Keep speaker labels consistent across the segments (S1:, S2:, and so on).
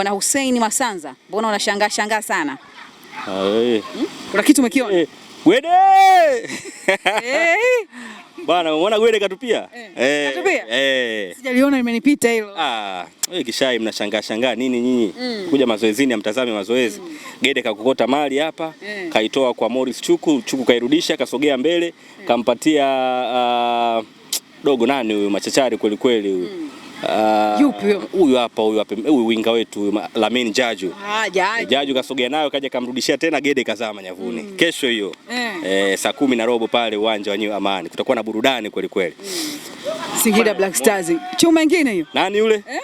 S1: Bwana Hussein Masanza, mbona unashangaa shangaa sana?
S2: Ah, eh. Hmm?
S1: Kuna kitu umekiona? Hey. Eh,
S2: Gwede! hey. Eh. Bana, umeona Gwede katupia?
S1: Eh. Hey. Katupia?
S2: Eh. Hey.
S1: Sijaliona imenipita
S2: hilo. Ah, wewe kishai mnashangaa shangaa nini nyinyi? Mm. Kuja mazoezini amtazame mazoezi. Mm. Gede kakukota mali hapa, mm. kaitoa kwa Morris Chuku, Chuku kairudisha, kasogea mbele, mm. kampatia uh, dogo nani huyu machachari kweli kweli huyu. Mm.
S1: Ah, Yupi
S2: huyu hapa huyu hapa eh, huyu winga wetu Lamin Jaju. Ah, Jaju. Jaju kasogea nayo kaja kamrudishia tena gede kazama nyavuni mm. Kesho hiyo mm. eh, saa kumi na robo pale uwanja wa New Amani kutakuwa na burudani kweli kweli mm.
S1: Singida Black Stars. Chuma ingine hiyo.
S2: Nani yule? Eh?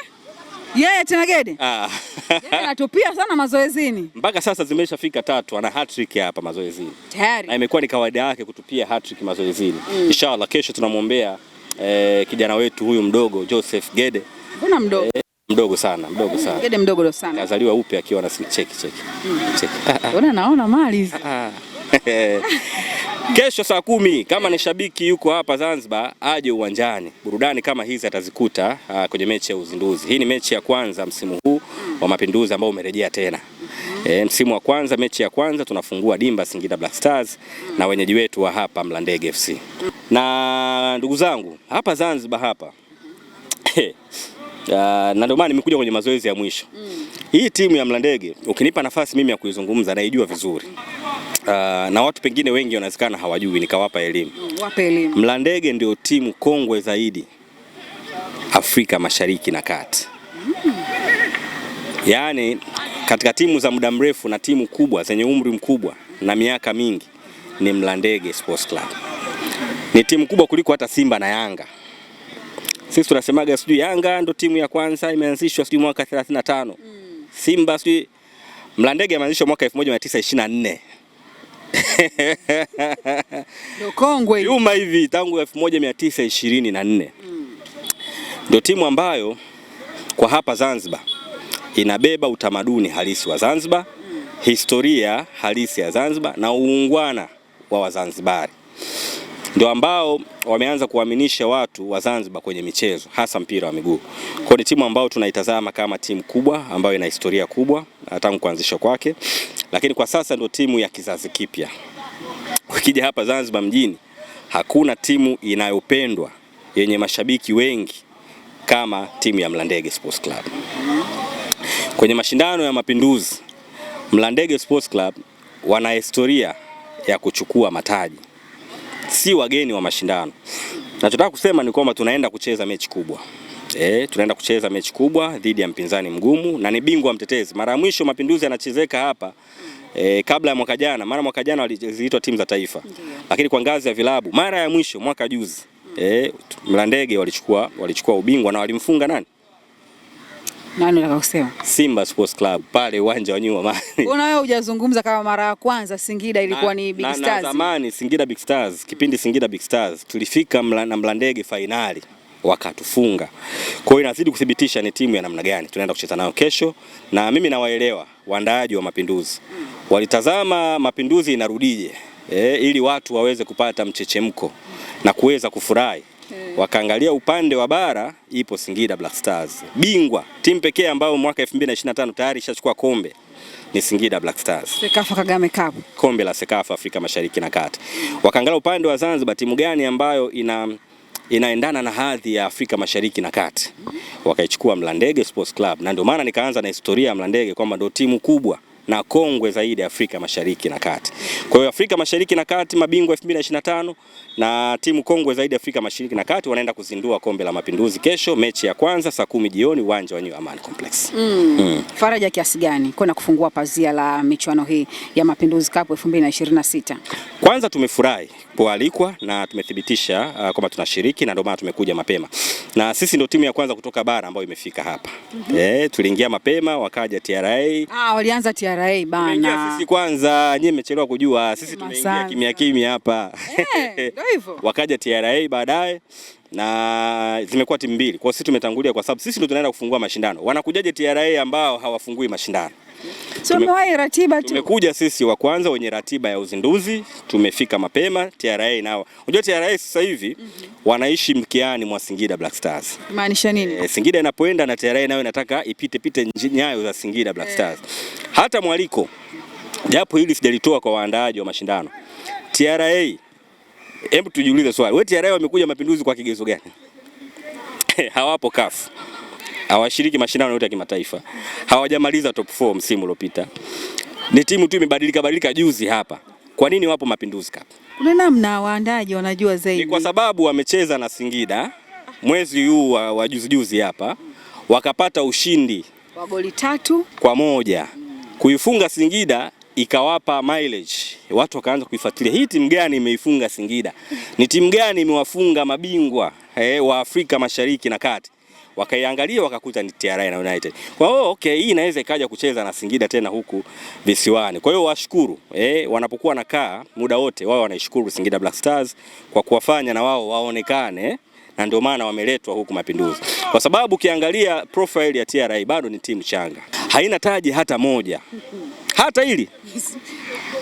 S1: Yeye yeah, tena gede ah. yeah, anatupia sana mazoezini
S2: mpaka sasa, zimeshafika tatu, ana hat-trick hapa mazoezini tayari, na imekuwa ni kawaida yake kutupia hat-trick mazoezini mm. Inshallah kesho tunamwombea eh, kijana wetu huyu mdogo Joseph Gede.
S1: Mbona mdogo? Eh,
S2: mdogo sana, mdogo sana.
S1: Gede mdogo sana.
S2: Kazaliwa upe akiwa na cheki cheki.
S1: Hmm. Cheki. naona mali.
S2: Kesho saa kumi kama ni shabiki yuko hapa Zanzibar aje uwanjani. Burudani kama hizi atazikuta ah, kwenye mechi ya uzinduzi. Hii ni mechi ya kwanza msimu huu wa Mapinduzi ambao umerejea tena. E, msimu wa kwanza, mechi ya kwanza tunafungua dimba Singida Black Stars na wenyeji wetu wa hapa Mlandege FC. Na ndugu zangu hapa Zanzibar hapa eh, eh, na ndio maana nimekuja kwenye mazoezi ya mwisho hii timu ya Mlandege. Ukinipa nafasi mimi ya kuizungumza, naijua vizuri Uh, na watu pengine wengi wanawezekana hawajui, nikawapa elimu. Wape elimu. Mlandege ndio timu kongwe zaidi Afrika Mashariki na Kati. Mm. Yaani katika timu za muda mrefu na timu kubwa zenye umri mkubwa na miaka mingi ni Mlandege Sports Club. Ni timu kubwa kuliko hata Simba na Yanga. Sisi tunasemaga sijui Yanga ndo timu ya kwanza imeanzishwa sijui mwaka 35. Mm. Simba sijui Mlandege imeanzishwa mwaka 1924.
S1: Ndio kongwe
S2: hivi tangu 1924. Mm. Ndio timu ambayo kwa hapa Zanzibar inabeba utamaduni halisi wa Zanzibar, historia halisi ya Zanzibar na uungwana wa Wazanzibari, ndio ambao wameanza kuaminisha watu wa Zanzibar kwenye michezo hasa mpira wa miguu. Kwa ni timu ambayo tunaitazama kama timu kubwa ambayo ina historia kubwa tangu kuanzishwa kwake, lakini kwa sasa ndio timu ya kizazi kipya. Ukija hapa Zanzibar mjini, hakuna timu inayopendwa yenye mashabiki wengi kama timu ya Mlandege Sports Club. Kwenye mashindano ya Mapinduzi, Mlandege Sports Club wana historia ya kuchukua mataji, si wageni wa mashindano. Nachotaka kusema ni kwamba tunaenda kucheza mechi kubwa e, tunaenda kucheza mechi kubwa dhidi ya mpinzani mgumu na ni bingwa mtetezi. Mara ya mwisho Mapinduzi yanachezeka hapa E, kabla ya mwaka jana, mara mwaka jana waliitwa timu za taifa Ndiyo. Lakini kwa ngazi ya vilabu mara ya mwisho mwaka juzi e, Mlandege walichukua walichukua ubingwa na walimfunga nani?
S1: Nani nataka kusema?
S2: Simba Sports Club pale uwanja wa nyuma mani.
S1: Mbona wewe hujazungumza kama mara ya kwanza Singida ilikuwa ni Big Stars? Na
S2: zamani Singida Big Stars, kipindi Singida Big Stars tulifika mla, na Mlandege fainali wakatufunga. Kwa hiyo inazidi kuthibitisha ni timu ya namna gani tunaenda kucheza nayo kesho, na mimi nawaelewa waandaaji wa Mapinduzi hmm. walitazama Mapinduzi inarudije, eh, ili watu waweze kupata mchechemko na kuweza kufurahi hmm. Wakaangalia upande wa bara, ipo Singida Black Stars, bingwa timu pekee ambayo mwaka 2025 tayari ishachukua kombe ni Singida Black Stars.
S1: Sekafa Kagame Cup.
S2: Kombe la Sekafa Afrika Mashariki na Kati. Wakaangalia upande wa Zanzibar timu gani ambayo ina inaendana na hadhi ya Afrika Mashariki na Kati. Wakaichukua Mlandege Sports Club na ndio maana nikaanza na historia ya Mlandege kwamba ndio timu kubwa na kongwe zaidi Afrika Mashariki na Kati. Kwa hiyo Afrika Mashariki na Kati mabingwa 2025 na timu kongwe zaidi Afrika Mashariki na Kati wanaenda kuzindua kombe la Mapinduzi kesho, mechi ya kwanza saa kumi jioni uwanja wa New Amani Complex.
S1: Mm. Mm. Faraja kiasi gani kwenda kufungua pazia la michuano hii ya Mapinduzi Cup 2026?
S2: Kwanza tumefurahi kualikwa na tumethibitisha uh, kwamba tunashiriki na ndio maana tumekuja mapema, na sisi ndio timu ya kwanza kutoka bara ambayo imefika hapa. Mm -hmm. Eh, tuliingia mapema wakaja TRA.
S1: Ah, walianza TRA. TRA bana.
S2: Sisi kwanza nyie mmechelewa kujua, sisi tumeingia kimya kimya hapa
S1: eh, Ndio hey,
S2: wakaja TRA baadaye na zimekuwa timu mbili, kwa sisi tumetangulia, kwa sababu sisi ndio tunaenda kufungua mashindano. Wanakujaje TRA ambao hawafungui mashindano?
S1: So Tume, ratiba tu.
S2: Tumekuja sisi wa kwanza wenye ratiba ya uzinduzi, tumefika mapema. TRA nao unajua TRA sasa hivi mm -hmm. wanaishi mkiani mwa Singida Black Stars. Maanisha nini? E, Singida inapoenda na TRA nayo inataka ipite pite nyayo za Singida Black eh. Stars e. Hata mwaliko japo hili sijalitoa kwa waandaaji wa mashindano TRA, hebu tujiulize swali, wewe TRA wamekuja mapinduzi kwa kigezo gani? hawapo kafu hawashiriki mashindano yote ya kimataifa, hawajamaliza top 4 msimu uliopita, ni timu tu imebadilika badilika juzi hapa. Kwa nini wapo mapinduzi kapu?
S1: Kuna namna waandaji wanajua zaidi,
S2: ni kwa sababu wamecheza na Singida mwezi huu wa juzijuzi hapa wakapata ushindi
S1: wa goli tatu
S2: kwa moja kuifunga Singida ikawapa mileage, watu wakaanza kuifuatilia hii timu gani imeifunga Singida, ni timu gani imewafunga mabingwa eh, wa Afrika Mashariki na Kati wakaiangalia wakakuta ni TRA na United. Kwa hiyo okay, hii inaweza ikaja kucheza na Singida tena huku visiwani. Kwa hiyo washukuru eh, wanapokuwa nakaa muda wote wao wanaishukuru Singida Black Stars kwa kuwafanya na wao waonekane na ndio maana wameletwa huku Mapinduzi, kwa sababu ukiangalia profile ya TRA bado ni timu changa, haina taji hata moja, hata hili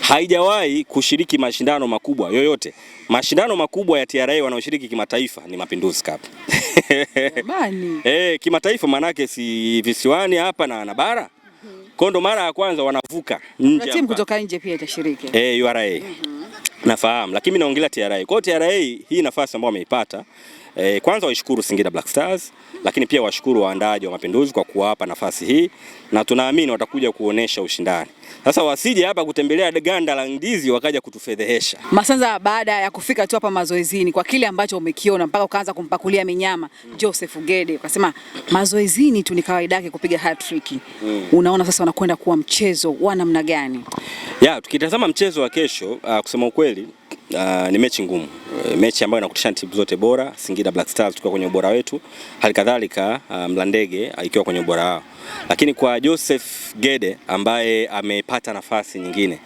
S2: haijawahi kushiriki mashindano makubwa yoyote. Mashindano makubwa ya TRA wanaoshiriki kimataifa ni Mapinduzi Cup. Eh, kimataifa maanake si visiwani hapa na na bara kwa ndo mara ya kwanza wanavuka
S1: nje, timu kutoka nje pia itashiriki
S2: eh, URA. Mm -hmm. Nafahamu, lakini naongelea TRA. Kwa hiyo TRA hii nafasi ambayo wameipata E, kwanza waishukuru Singida Black Stars, lakini pia washukuru waandaji wa mapinduzi kwa kuwapa nafasi hii na tunaamini watakuja kuonesha ushindani. Sasa wasije hapa kutembelea ganda la ndizi wakaja kutufedhehesha.
S1: Masanza, baada ya kufika tu hapa mazoezini, kwa kile ambacho umekiona mpaka ukaanza kumpakulia minyama mm. Joseph Gede ukasema mazoezini tu ni kawaida yake kupiga hat-trick mm. Unaona sasa wanakwenda kuwa mchezo wa namna gani?
S2: Ya, tukitazama mchezo wa kesho, uh, kusema ukweli Uh, ni mechi ngumu, eh, mechi ambayo inakutishana timu zote bora. Singida Black Stars tukiwa kwenye ubora wetu, halikadhalika ah, Mlandege um, ikiwa kwenye ubora wao, lakini kwa Joseph Gede ambaye amepata nafasi nyingine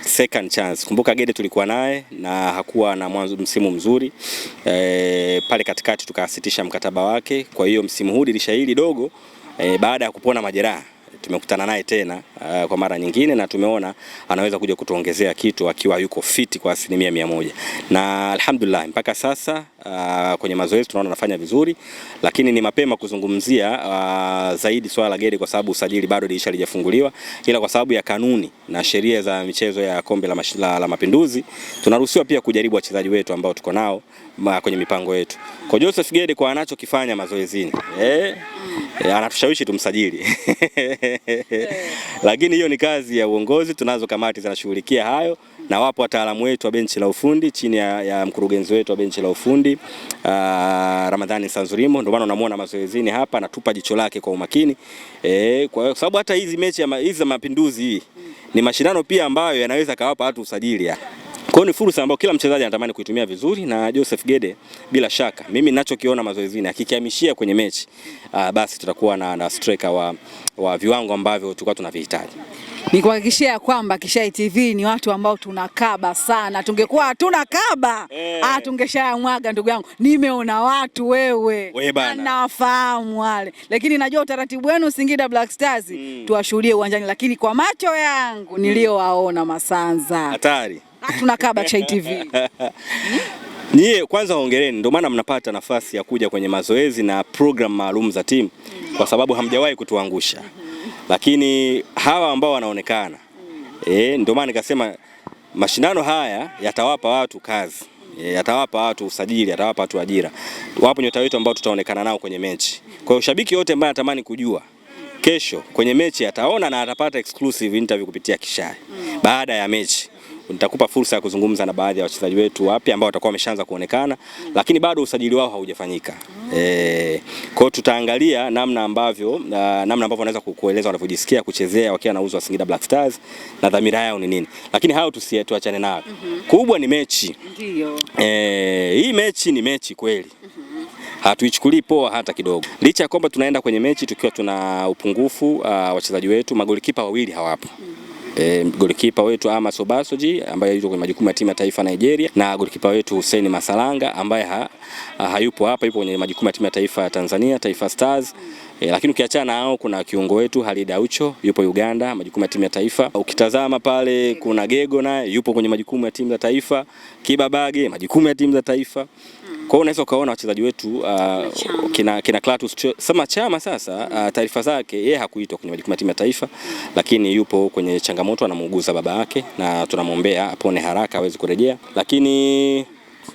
S2: second chance. Kumbuka Gede tulikuwa naye na hakuwa na mwanzo msimu mzuri e, pale katikati tukasitisha mkataba wake. Kwa hiyo msimu huu dirisha hili dogo e, baada ya kupona majeraha tumekutana naye tena uh, kwa mara nyingine na tumeona anaweza kuja kutuongezea kitu akiwa yuko fiti kwa asilimia mia moja na alhamdulillah mpaka sasa uh, kwenye mazoezi tunaona anafanya vizuri, lakini ni mapema kuzungumzia uh, zaidi swala la Gedi kwa sababu usajili bado dirisha halijafunguliwa, ila kwa sababu ya kanuni na sheria za michezo ya kombe la, la, la Mapinduzi tunaruhusiwa pia kujaribu wachezaji wetu ambao tuko nao ma, kwenye mipango yetu. Kwa Joseph Gede kwa anachokifanya mazoezini eh, eh anatushawishi tumsajili lakini hiyo ni kazi ya uongozi. Tunazo kamati zinashughulikia hayo na wapo wataalamu wetu wa benchi la ufundi chini ya, ya mkurugenzi wetu wa benchi la ufundi uh, Ramadhani Sanzurimo. Ndio maana unamuona mazoezini hapa anatupa jicho lake kwa umakini e, kwa sababu hata hizi mechi hizi za mapinduzi hii ni mashindano pia ambayo yanaweza kawapa watu usajili ya. Kwa ni fursa ambayo kila mchezaji anatamani kuitumia vizuri, na Joseph Gede bila shaka, mimi ninachokiona mazoezini, akikihamishia kwenye mechi uh, basi tutakuwa na, na striker wa, wa viwango ambavyo tulikuwa tunavihitaji.
S1: Nikuhakikishia kwamba Kishai TV ni watu ambao tunakaba sana. Tungekuwa hatuna kaba hey, eh. ah, tungeshaya mwaga ndugu yangu. Nimeona watu wewe we wale, lakini najua utaratibu wenu Singida Black Stars mm, tuwashuhudie uwanjani, lakini kwa macho yangu hmm. niliyowaona Masanza
S2: hatari
S1: tunakaa Bacha TV.
S2: Nyie kwanza hongereni, ndio maana mnapata nafasi ya kuja kwenye mazoezi na program maalum za timu kwa sababu hamjawahi kutuangusha, lakini hawa ambao wanaonekana e, ndio maana nikasema mashindano haya yatawapa watu kazi e, yatawapa watu usajili, yatawapa watu ajira. Wapo nyota wetu ambao tutaonekana nao kwenye mechi. Kwa hiyo shabiki yote ambaye anatamani kujua kesho kwenye mechi ataona na atapata exclusive interview kupitia Kishae baada ya mechi nitakupa fursa ya kuzungumza na baadhi ya wachezaji wetu wapya ambao watakuwa wameshaanza kuonekana, mm. lakini bado usajili wao haujafanyika. Mm. Eh, kwa tutaangalia namna ambavyo ah, namna ambavyo wanaweza kueleza wanavyojisikia kuchezea wakiwa na uzo wa Singida Black Stars na dhamira yao ni nini, lakini hao tusiye nao mm -hmm. Kubwa ni mechi. Ndio. Eh, hii mechi ni mechi kweli mm -hmm. hatuichukulii poa hata kidogo, licha ya kwamba tunaenda kwenye mechi tukiwa tuna upungufu uh, wachezaji wetu, magolikipa wawili hawapo. mm -hmm e, eh, golikipa wetu Amos Obasoji ambaye yuko kwenye majukumu ya timu ya taifa Nigeria na golikipa wetu Hussein Masalanga ambaye ha, hayupo hapa, yupo kwenye majukumu ya timu ya taifa ya Tanzania Taifa Stars. E, lakini ukiachana nao kuna kiungo wetu Halid Aucho yupo Uganda, majukumu ya timu ya taifa. Ukitazama pale kuna Gego naye yupo kwenye majukumu ya timu za taifa, Kibabage majukumu ya timu za taifa. Kwa hiyo unaweza ukaona wachezaji wetu uh, kina, kina Clatous Sema Chama sasa uh, mm. taarifa zake yeye hakuitwa kwenye majukumu ya timu ya taifa, lakini yupo kwenye changamoto anamuuguza baba yake, na tunamwombea apone haraka aweze kurejea, lakini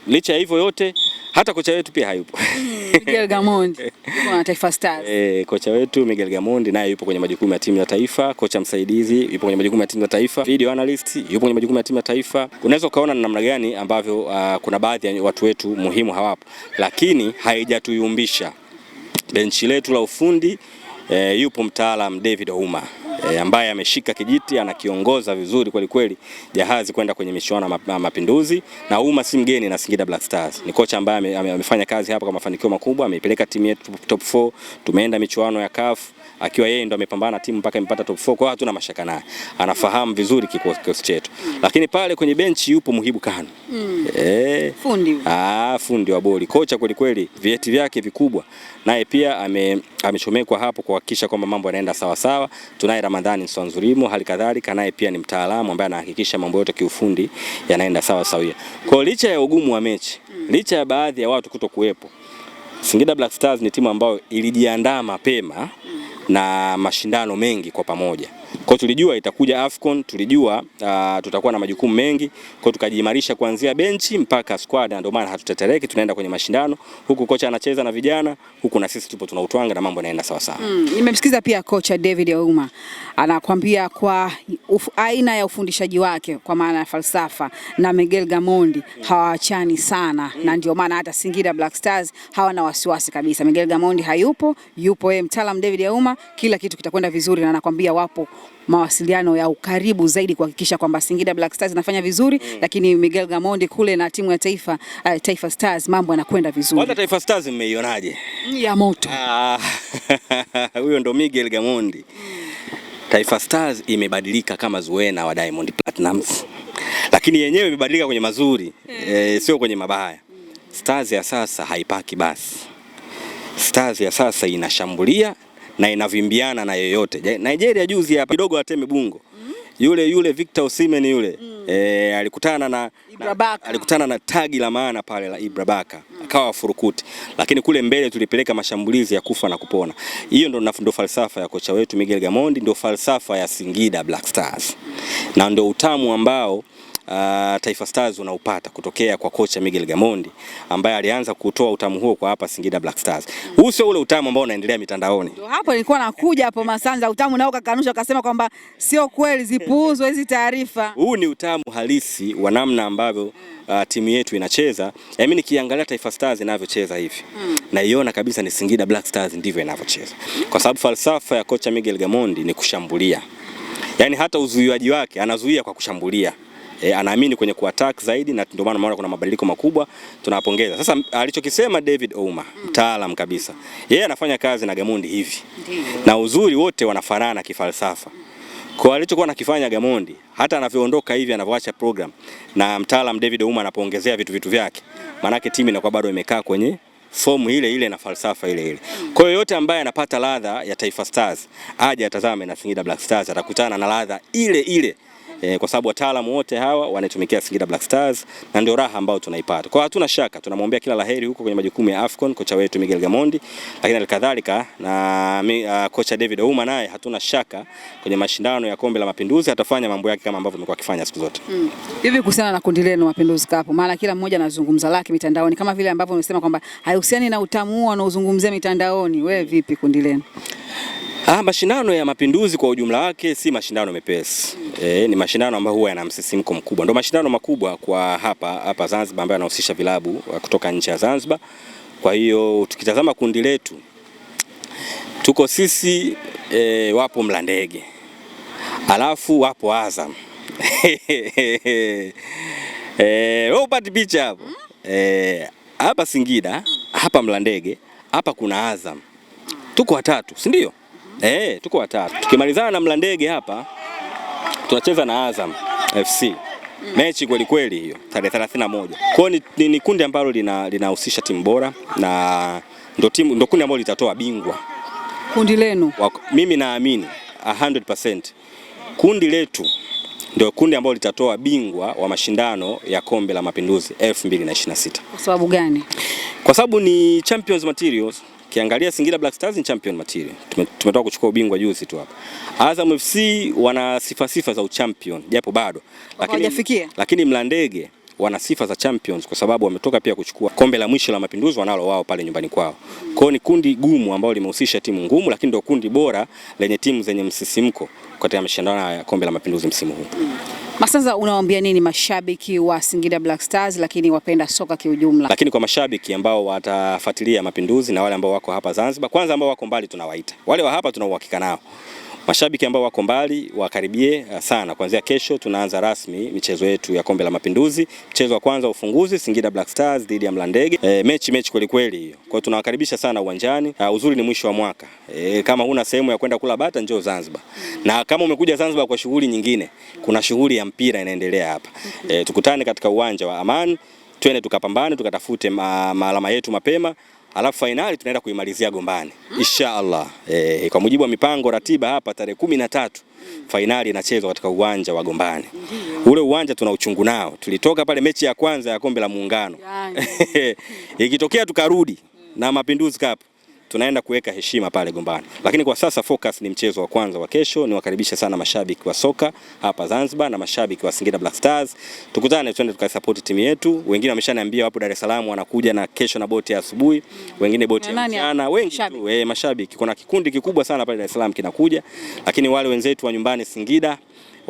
S2: licha ya hivyo yote hata kocha wetu pia hayupo
S1: mm, Miguel Gamondi yuko na Taifa Stars.
S2: Eh, kocha wetu Miguel Gamondi naye yupo kwenye majukumu ya timu ya taifa. Kocha msaidizi yupo kwenye majukumu ya timu ya taifa. Video analyst yupo kwenye majukumu ya timu ya taifa. Unaweza ukaona na namna gani ambavyo uh, kuna baadhi ya watu wetu muhimu hawapo, lakini haijatuyumbisha benchi letu la ufundi e, yupo mtaalam David Ouma e, ambaye ameshika kijiti anakiongoza vizuri kweli kweli jahazi kwenda kwenye michuano ya Mapinduzi, na Ouma si mgeni na Singida Black Stars. Ni kocha ambaye ame, ame, amefanya kazi hapa kwa mafanikio makubwa, ameipeleka timu yetu top 4, tumeenda michuano ya CAF akiwa yeye ndo amepambana timu mpaka imepata top 4. Kwa hiyo hatuna mashaka naye, anafahamu vizuri kikosi chetu. mm. Lakini pale kwenye benchi yupo Muhibu Kanu mm. e, fundi ah, fundi wa boli, kocha kweli kweli, vieti vyake vikubwa, naye pia ame, amechomekwa hapo kwa kuhakikisha kwamba mambo yanaenda sawa sawa. Tunaye Ramadhani Nsonzulimo, hali kadhalika naye pia ni mtaalamu ambaye anahakikisha mambo yote kiufundi yanaenda sawa sawia. Kwa licha ya ugumu wa mechi, licha ya baadhi ya watu kutokuwepo, Singida Black Stars ni timu ambayo ilijiandaa mapema na mashindano mengi kwa pamoja. Kwa tulijua itakuja Afcon, tulijua uh, tutakuwa na majukumu mengi, kwa tukajiimarisha kuanzia benchi mpaka squad, na ndio maana hatutetereki, tunaenda kwenye mashindano huku kocha anacheza na vijana huku na sisi tupo tunautwanga na mambo yanaenda sawa sawa.
S1: Mm, nimemsikiza pia kocha David Auma anakwambia kwa uf, aina ya ufundishaji wake kwa maana ya falsafa na Miguel Gamondi mm. hawaachani sana mm, na ndio maana hata Singida Black Stars hawana wasiwasi kabisa. Miguel Gamondi hayupo, yupo yeye mtaalamu David Auma, kila kitu kitakwenda vizuri na anakwambia wapo mawasiliano ya ukaribu zaidi kuhakikisha kwamba Singida Black Stars inafanya vizuri mm. Lakini Miguel Gamondi kule na timu ya taifa uh, Taifa Stars mambo yanakwenda vizuri.
S2: Kwanza Taifa Stars mmeionaje? Ya moto ah, huyo. Ndo Miguel Gamondi. Taifa Stars imebadilika kama Zuena wa Diamond Platinums. lakini yenyewe imebadilika kwenye mazuri mm. eh, sio kwenye mabaya Stars ya sasa haipaki basi, Stars ya sasa inashambulia na inavimbiana na yoyote. Nigeria juzi hapa kidogo ateme bungo mm. yule yule Victor Osimhen yule mm. E, alikutana na, na alikutana na tagi la maana pale la Ibra Baka mm. akawa furukuti, lakini kule mbele tulipeleka mashambulizi ya kufa na kupona. Hiyo ndo, ndo falsafa ya kocha wetu Miguel Gamondi, ndo falsafa ya Singida Black Stars mm. na ndo utamu ambao uh, Taifa Stars unaupata kutokea kwa kocha Miguel Gamondi ambaye alianza kutoa utamu huo kwa hapa Singida Black Stars. Huu sio ule utamu ambao unaendelea mitandaoni.
S1: Ndio hapo nilikuwa nakuja hapo Masanza, utamu nao kakanusha akasema kwamba sio kweli, zipuuzwe hizi taarifa.
S2: Huu ni utamu halisi wa namna ambavyo uh, timu yetu inacheza. Eh, mimi nikiangalia Taifa Stars inavyocheza hivi mm. naiona kabisa ni Singida Black Stars ndivyo inavyocheza. Kwa sababu falsafa ya kocha Miguel Gamondi ni kushambulia. Yaani hata uzuiwaji wake anazuia kwa kushambulia e, anaamini kwenye kuattack zaidi, na ndio maana maana kuna mabadiliko makubwa, Tunapongeza. Sasa alichokisema David Ouma mm. mtaalam kabisa, yeye anafanya kazi na Gamondi hivi Ndiyo. na uzuri wote wanafanana kifalsafa kwa alichokuwa nakifanya Gamondi hata anavyoondoka hivi anavyoacha program na mtaalam David Ouma anapoongezea vitu vitu vyake, maanake timu inakuwa bado imekaa kwenye fomu ile ile na falsafa ile ile. Kwa hiyo yote ambaye anapata ladha ya Taifa Stars aje atazame na Singida Black Stars atakutana na ladha ile ile e, kwa sababu wataalamu wote hawa wanatumikia Singida Black Stars na ndio raha ambayo tunaipata. Kwa hatuna shaka tunamwombea kila laheri huko kwenye majukumu ya Afcon kocha wetu Miguel Gamondi, lakini alikadhalika na uh, kocha David Ouma naye hatuna shaka kwenye mashindano ya Kombe la Mapinduzi atafanya mambo yake kama ambavyo amekuwa akifanya siku zote. Hmm.
S1: Hivi hmm, kuhusiana na kundi lenu Mapinduzi Cup, maana kila mmoja anazungumza lake mitandaoni kama vile ambavyo umesema kwamba haihusiani na utamu wanaozungumzia mitandaoni, wewe vipi kundi lenu?
S2: Ah, mashindano ya Mapinduzi kwa ujumla wake si mashindano mepesi. E, ni mashindano ambayo huwa yana msisimko mkubwa, ndio mashindano makubwa kwa hapa hapa Zanzibar ambayo yanahusisha vilabu eh, kutoka nchi ya Zanzibar. Kwa hiyo tukitazama kundi letu tuko sisi e, wapo Mlandege alafu wapo Azam oh, upati picha hapo hapa Singida hapa Mlandege hapa kuna Azam, tuko watatu, si ndio? Eh, tuko watatu. Tukimalizana na Mlandege hapa tunacheza na Azam FC mm. Mechi kweli kweli hiyo tarehe 31. Kwa hiyo ni, ni, ni kundi ambalo linahusisha lina timu bora na ndo timu ndo kundi ambalo litatoa bingwa kundi lenu. Wako, mimi naamini 100% kundi letu ndio kundi ambalo litatoa bingwa wa mashindano ya Kombe la Mapinduzi 2026.
S1: Kwa sababu gani?
S2: Kwa sababu ni champions materials Kiangalia Singida Black Stars ni champion material. Tumetoka kuchukua ubingwa juzi tu hapa. Azam FC wana sifa sifa za uchampion japo bado.
S1: Lakini,
S2: lakini Mlandege wana sifa za champions kwa sababu wametoka pia kuchukua kombe la mwisho la mapinduzi wanalo wao pale nyumbani kwao. Kwa hiyo ni kundi gumu ambalo limehusisha timu ngumu, lakini ndio kundi bora lenye timu zenye msisimko katika mashindano ya kombe la mapinduzi msimu huu.
S1: Masanza, unawaambia nini mashabiki wa Singida Black Stars, lakini wapenda soka kiujumla?
S2: Lakini kwa mashabiki ambao watafuatilia mapinduzi na wale ambao wako hapa Zanzibar, kwanza ambao wako mbali tunawaita, wale wa hapa tunauhakika nao Mashabiki ambao wako mbali wakaribie eh, sana. Kuanzia kesho tunaanza rasmi michezo yetu ya Kombe la Mapinduzi. Mchezo wa kwanza ufunguzi Singida Black Stars dhidi ya Mlandege. E, mechi mechi kweli kweli hiyo. Kwa hiyo tunawakaribisha sana uwanjani. Uh, uzuri ni mwisho wa mwaka. E, kama huna sehemu ya kwenda kula bata njoo Zanzibar. Na kama umekuja Zanzibar kwa shughuli nyingine, kuna shughuli ya mpira inaendelea hapa. E, tukutane katika uwanja wa Amani, twende tukapambane, tukatafute maalama yetu mapema alafu fainali tunaenda kuimalizia Gombani inshaallah. E, eh, kwa mujibu wa mipango ratiba hapa tarehe kumi na tatu fainali inachezwa katika uwanja wa Gombani. Ule uwanja tuna uchungu nao, tulitoka pale mechi ya kwanza ya kombe la Muungano ikitokea tukarudi na Mapinduzi Cup tunaenda kuweka heshima pale Gombani. Lakini kwa sasa focus ni mchezo wa kwanza wa kesho. Niwakaribisha sana mashabiki wa soka hapa Zanzibar na mashabiki wa Singida Black Stars, tukutane, twende tukaisupport timu yetu. Wengine wameshaniambia wapo Dar es Salaam, wanakuja na kesho na boti ya asubuhi, wengine boti ya mchana, wengi tu eh, mashabiki. Kuna kikundi kikubwa sana pale Dar es Salaam kinakuja, lakini wale wenzetu wa nyumbani Singida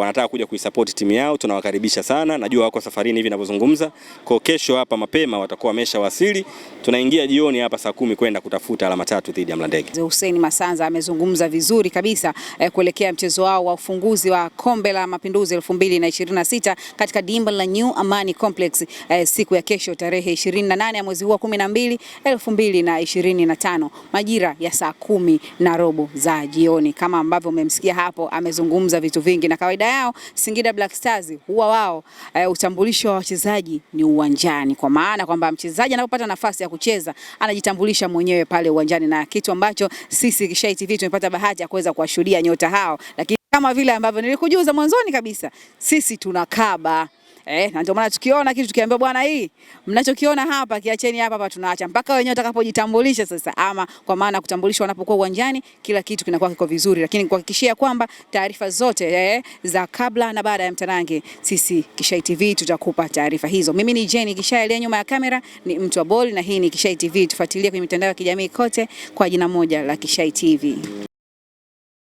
S2: wanataka kuja kuisupport timu yao, tunawakaribisha sana. Najua wako safarini hivi ninavyozungumza, kwa kesho hapa mapema watakuwa wameshawasili. Tunaingia jioni hapa saa kumi kwenda kutafuta alama tatu dhidi ya Mlandege.
S1: Hussein Masanza amezungumza vizuri kabisa eh, kuelekea mchezo wao wa ufunguzi wa Kombe la Mapinduzi 2026 katika dimba la New Amani Complex eh, siku ya kesho tarehe 28 ya mwezi huu wa 12 2025 majira ya saa kumi na robo za jioni, kama ambavyo umemsikia hapo amezungumza vitu vingi na kawaida yao Singida Black Stars huwa wao e, utambulisho wa wachezaji ni uwanjani, kwa maana kwamba mchezaji anapopata nafasi ya kucheza anajitambulisha mwenyewe pale uwanjani, na kitu ambacho sisi Kishai TV tumepata bahati ya kuweza kuwashuhudia nyota hao, lakini kama vile ambavyo nilikujuza mwanzoni kabisa, sisi tuna kaba Eh, na ndio maana tukiona kitu tukiambia bwana, hii mnachokiona hapa kiacheni hapa hapa, tunaacha mpaka wenyewe watakapojitambulisha sasa, ama kwa maana kutambulishwa wanapokuwa uwanjani, kila kitu kinakuwa kiko vizuri, lakini kuhakikishia kwamba taarifa zote eh, za kabla na baada ya mtanange, sisi Kishai TV tutakupa taarifa hizo. Mimi ni Jenny Kishai, aliye nyuma ya kamera ni mtu wa boli, na hii ni Kishai TV. Tufuatilie kwenye mitandao ya kijamii kote kwa jina moja la Kishai TV.